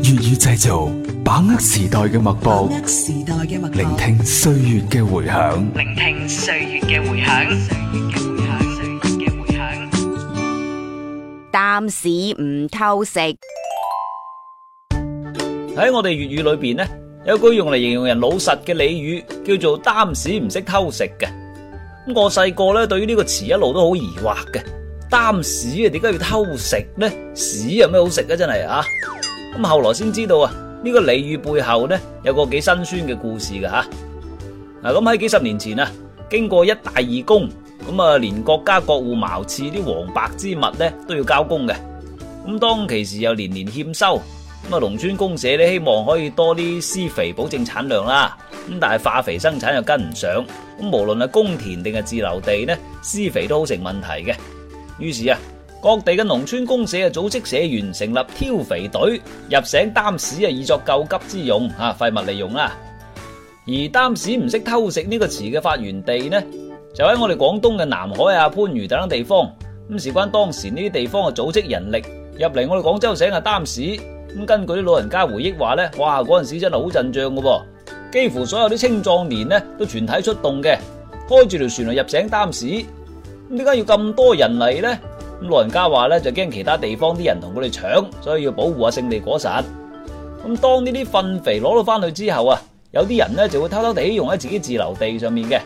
粵語製造，把握時代嘅脈搏，脈搏，聆聽歲月嘅回響。聆聽歲月嘅回響。歲月嘅回響，歲月嘅回響。擔屎唔偷食，喺我哋粵語裏邊咧，有句用嚟形容人老實嘅俚語，叫做擔屎唔識偷食嘅。咁我細個咧，對於呢個詞一路都好疑惑嘅。擔屎啊，點解要偷食呢？屎有咩好食嘅？真係啊？咁後來先知道啊，呢、這個俚語背後，呢有個幾辛酸嘅故事嘅吓、啊。嗱、啊，咁喺幾十年前啊，經過一大二公，咁啊連國家各戶茅廁啲黃白之物呢，都要交公嘅。咁、啊、當其時又年年欠收，咁啊農村公社呢，希望可以多啲施肥，保證產量啦。咁、啊、但係化肥生產又跟唔上，咁、啊、無論係公田定係自留地呢，施肥都好成問題嘅。於是啊。各地嘅農村公社啊，組織社員成立挑肥隊，入省擔屎啊，以作救急之用啊，廢物利用啦。而擔屎唔識偷食呢個詞嘅發源地呢，就喺我哋廣東嘅南海啊、番禺等等地方。咁、嗯、事關當時呢啲地方嘅組織人力入嚟我哋廣州省啊擔屎。咁、嗯、根據啲老人家回憶話呢，哇，嗰陣時真係好陣仗喎。幾乎所有啲青壯年呢，都全體出動嘅，開住條船嚟入省擔屎。咁點解要咁多人嚟呢？咁老人家話咧就驚其他地方啲人同佢哋搶，所以要保護啊勝利果實。咁當呢啲糞肥攞到翻去之後啊，有啲人呢就會偷偷地用喺自己自留地上面嘅，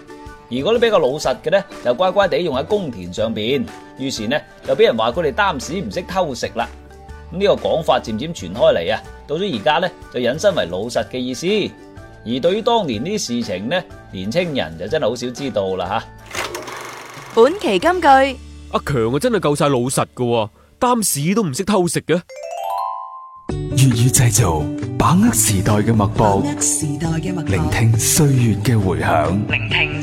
而嗰啲比較老實嘅呢，就乖乖地用喺公田上邊。於是呢，就俾人話佢哋擔屎唔識偷食啦。咁、這、呢個講法漸漸傳開嚟啊，到咗而家呢，就引申為老實嘅意思。而對於當年呢啲事情呢，年青人就真係好少知道啦吓。本期金句。阿強啊，真係夠晒老實噶，擔屎都唔識偷食嘅。粵語製造，把握時代嘅脈搏，脈搏，聆聽歲月嘅回響。聆聽